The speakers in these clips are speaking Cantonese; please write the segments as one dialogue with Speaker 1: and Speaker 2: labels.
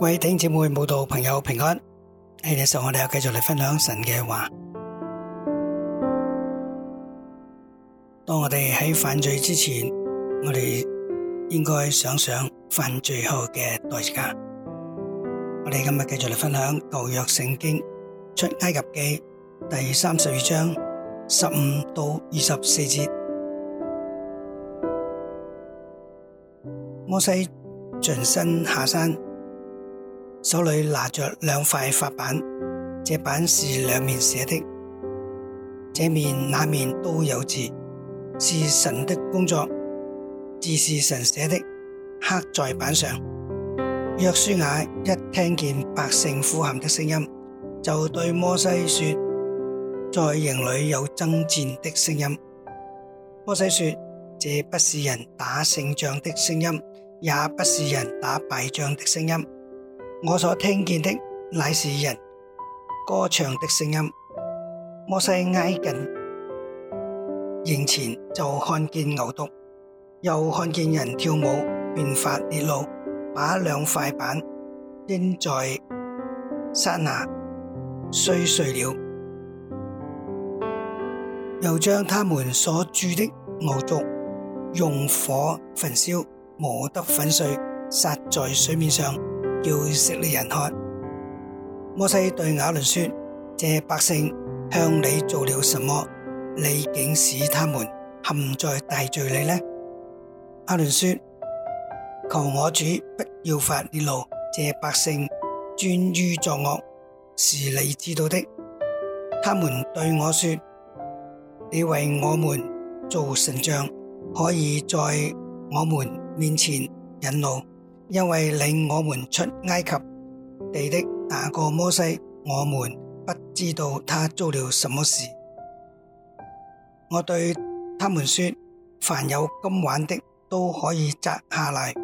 Speaker 1: 各位弟兄姊妹、慕道朋友平安，喺呢時我哋又繼續嚟分享神嘅話。當我哋喺犯罪之前，我哋應該想想犯罪後嘅代價。我哋今日繼續嚟分享舊約聖經出埃及記第三十二章十五到二十四節。摩西轉身下山。手裏拿着兩塊法板，這板是兩面寫的，這面那面都有字，是神的工作，字是神寫的，刻在板上。約書亞一聽見百姓呼喊的聲音，就對摩西說：在營裏有爭戰的聲音。摩西說：這不是人打勝仗的聲音，也不是人打敗仗的聲音。我所聽見的乃是人歌唱的聲音。摩西挨近營前，就看見牛犢，又看見人跳舞，便發烈怒，把兩塊板扔在山下碎碎了，又將他們所住的牛族用火焚燒，磨得粉碎，撒在水面上。要識你人看。摩西對亞倫說：這百姓向你做了什麼，你竟使他們陷在大罪裏呢？亞倫說：求我主不要發烈怒，這百姓專於作惡，是你知道的。他們對我說：你為我們做神像，可以在我們面前引路。因為領我們出埃及地的那個摩西，我們不知道他做了什麼事。我對他們說：凡有金環的都可以摘下來。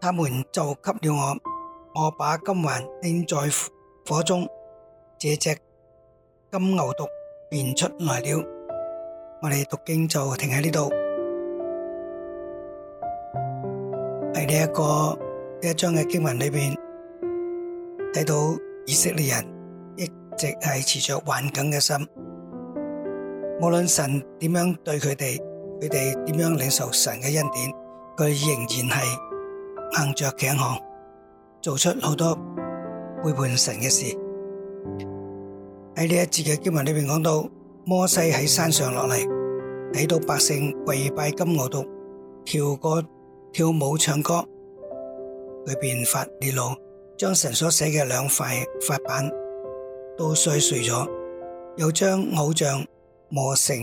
Speaker 1: 他們就給了我，我把金環扔在火中，這隻金牛犢便出來了。我哋讀經就停喺呢度。呢一個呢一章嘅經文裏邊睇到以色列人一直係持著頑梗嘅心，無論神點樣對佢哋，佢哋點樣領受神嘅恩典，佢仍然係硬著頸行，做出好多背叛神嘅事。喺呢一節嘅經文裏邊講到，摩西喺山上落嚟睇到百姓跪拜金牛犢，跳過，跳舞唱歌，佢便發烈怒，將神所寫嘅兩塊法板都摔碎咗，又將偶像磨成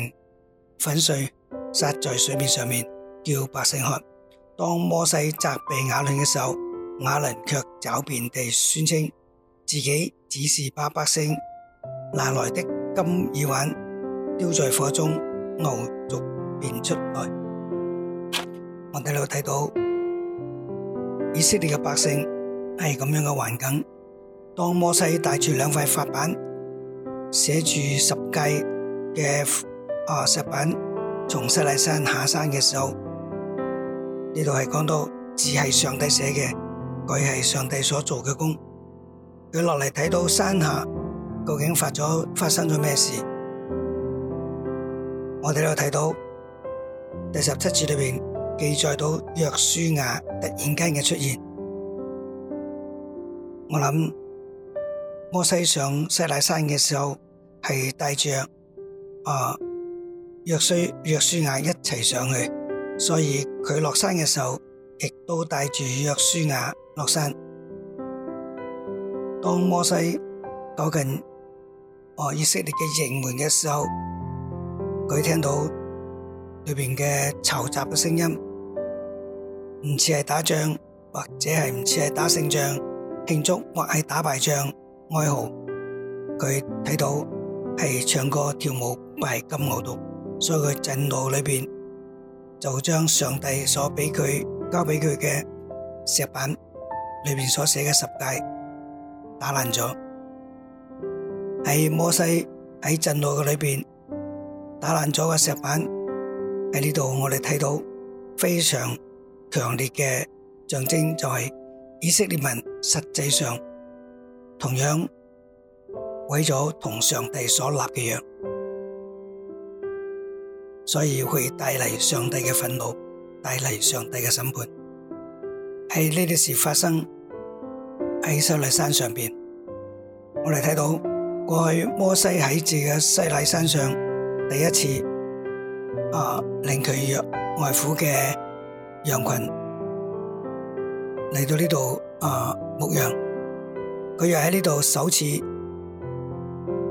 Speaker 1: 粉碎，撒在水面上面，叫百姓喝。當摩西責備亞倫嘅時候，亞倫卻狡辯地宣稱自己只是把百姓拿來的金耳環丟在火中，牛犢便出來。我哋又睇到以色列嘅百姓係噉樣嘅環境。當摩西帶住兩塊法板，寫住十誡嘅啊石板，從西奈山下山嘅時候，呢度係講到字係上帝寫嘅，句係上帝所做嘅工。佢落嚟睇到山下究竟發咗發生咗咩事？我哋又睇到第十七節裏面。記載到約書亞突然間嘅出現，我諗摩西上西奈山嘅時候係帶住啊約書約書亞一齊上去，所以佢落山嘅時候亦都帶住約書亞落山。當摩西躲近哦、啊、以色列嘅營門嘅時候，佢聽到。裏邊嘅嘈雜嘅聲音，唔似係打仗，或者係唔似係打勝仗慶祝，或係打敗仗哀號。佢睇到係唱歌跳舞，唔係金牛犢，所以佢震怒裏邊就將上帝所俾佢交俾佢嘅石板裏邊所寫嘅十誡打爛咗。喺摩西喺震怒嘅裏邊打爛咗嘅石板。喺呢度，我哋睇到非常強烈嘅象徵，就係以色列人實際上同樣毀咗同上帝所立嘅約，所以去帶嚟上帝嘅憤怒，帶嚟上帝嘅審判。喺呢啲事發生喺西奈山上邊，我哋睇到過去摩西喺住嘅西奈山上第一次。啊！令佢外父嘅羊群嚟到呢度啊，牧羊。佢又喺呢度首次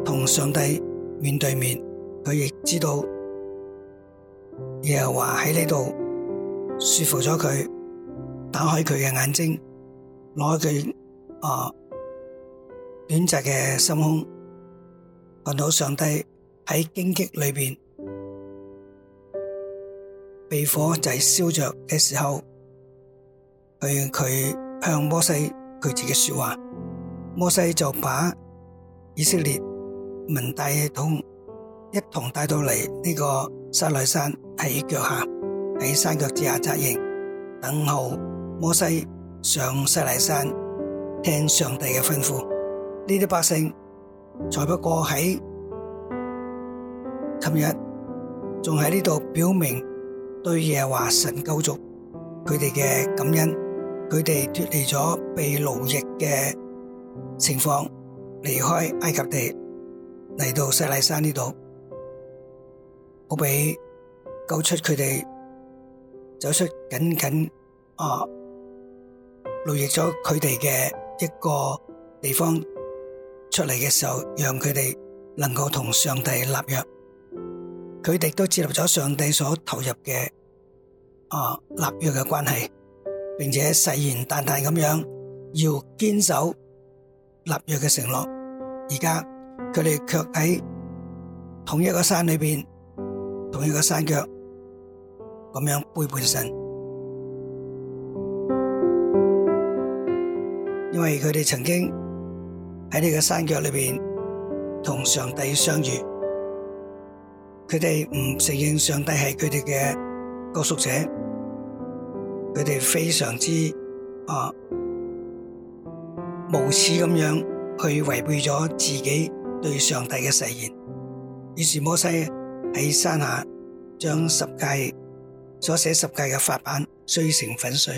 Speaker 1: 同上帝面對面，佢亦知道耶和華喺呢度說服咗佢，打開佢嘅眼睛，攞佢啊，狹窄嘅心胸，看到上帝喺荊棘裏邊。被火仔燒着嘅時候，佢佢向摩西佢自己說話，摩西就把以色列民帶同一同帶到嚟呢個西奈山喺腳下，喺山腳之下紮營，等候摩西上西奈山聽上帝嘅吩咐，呢啲百姓才不過喺琴日仲喺呢度表明，對耶華神救贖佢哋嘅感恩，佢哋脫離咗被奴役嘅情況，離開埃及地嚟到西奈山呢度，好俾救出佢哋，走出緊緊啊奴役咗佢哋嘅一個地方出嚟嘅時候，讓佢哋能夠同上帝立約。佢哋都建立咗上帝所投入嘅啊立約嘅關係，並且誓言旦旦咁樣要堅守立約嘅承諾，而家佢哋卻喺同一個山裏面，同一個山腳咁樣背叛神，因為佢哋曾經喺呢個山腳裏面同上帝相遇。佢哋唔承認上帝係佢哋嘅救贖者，佢哋非常之啊無恥咁樣去違背咗自己對上帝嘅誓言。於是摩西喺山下將十誡所寫十誡嘅法版碎成粉碎。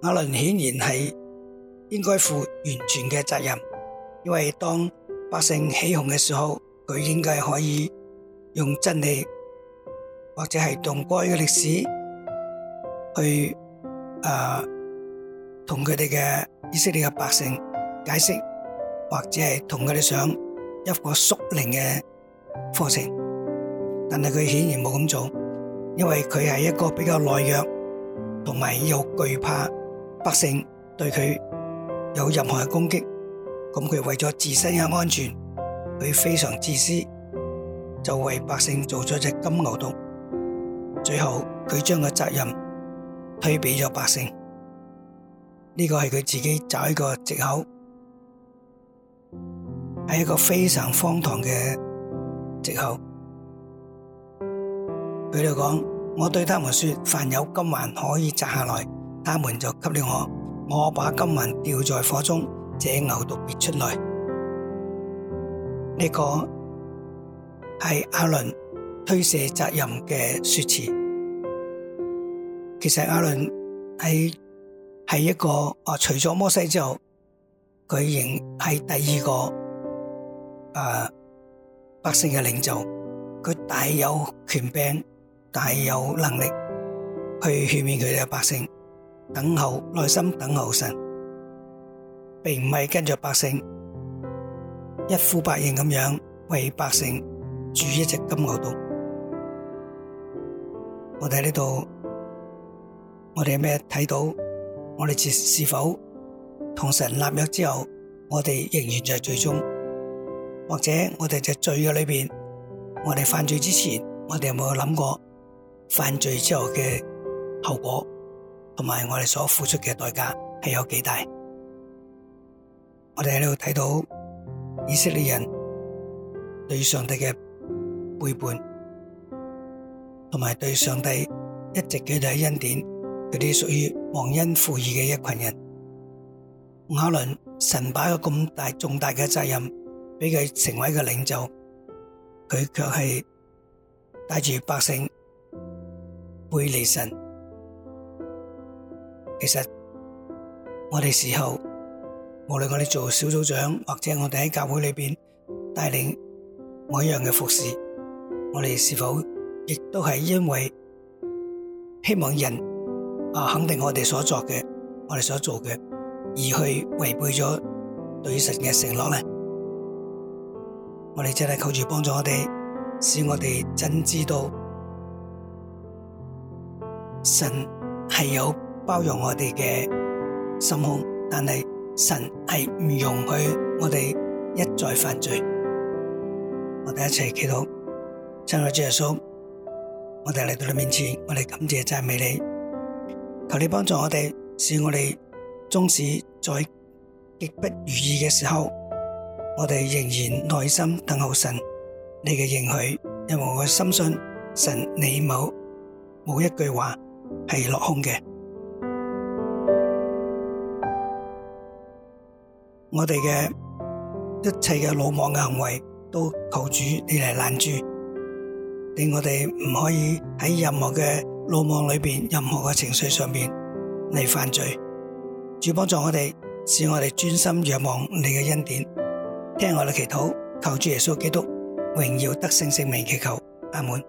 Speaker 1: 阿倫顯然係應該負完全嘅責任，因為當百姓起哄嘅時候。佢應該可以用真理或者係過去嘅歷史去誒，同佢哋嘅以色列嘅百姓解釋，或者係同佢哋上一個屬靈嘅課程。但係佢顯然冇咁做，因為佢係一個比較懦弱同埋又懼怕百姓對佢有任何嘅攻擊。咁佢為咗自身嘅安全。佢非常自私，就為百姓做咗隻金牛犢，最後佢將個責任推俾咗百姓，呢個係佢自己找一個藉口，係一個非常荒唐嘅藉口。佢就講：我對他們說，凡有金環可以摘下來，他們就給了我，我把金環掉在火中，這牛犢便出來。呢、這個係阿倫推卸責任嘅說辭。其實阿倫係，係一個、啊、除咗摩西之後，佢仍係第二個、啊、百姓嘅領袖。佢大有權柄，大有能力去勸勉佢哋嘅百姓等候，耐心等候神，並唔係跟着百姓。一呼百應咁樣為百姓住一隻金牛島。我哋喺呢度，我哋咩睇到？我哋是否同神立約之後，我哋仍然在罪中？或者我哋只罪嘅裏邊，我哋犯罪之前，我哋有冇諗過犯罪之後嘅後果，同埋我哋所付出嘅代價係有幾大？我哋喺呢度睇到。以色列人對上帝嘅背叛，同埋對上帝一直佢哋喺恩典嗰啲屬於忘恩負義嘅一群人。亞倫神擺個咁大重大嘅責任俾佢成為個領袖，佢卻係帶住百姓背離神。其實我哋時候。無論我哋做小組長，或者我哋喺教會裏邊帶領每一樣嘅服侍，我哋是否亦都係因為希望人啊肯定我哋所作嘅，我哋所做嘅，而去違背咗對神嘅承諾咧？我哋真係求主幫助我哋，使我哋真知道神係有包容我哋嘅心胸，但係。神係唔容許我哋一再犯罪，我哋一齊祈禱，親愛主耶穌，我哋嚟到你面前，我哋感謝讚美你，求你幫助我哋，使我哋終止在極不如意嘅時候，我哋仍然耐心等候神你嘅應許，因為我深信神你冇冇一句話係落空嘅。我哋嘅一切嘅魯莽嘅行為，都求主你嚟攔住，令我哋唔可以喺任何嘅魯莽裏邊，任何嘅情緒上邊嚟犯罪。主幫助我哋，使我哋專心仰望你嘅恩典。聽我哋祈禱，求主耶穌基督榮耀得勝聖，聖名祈求，阿門。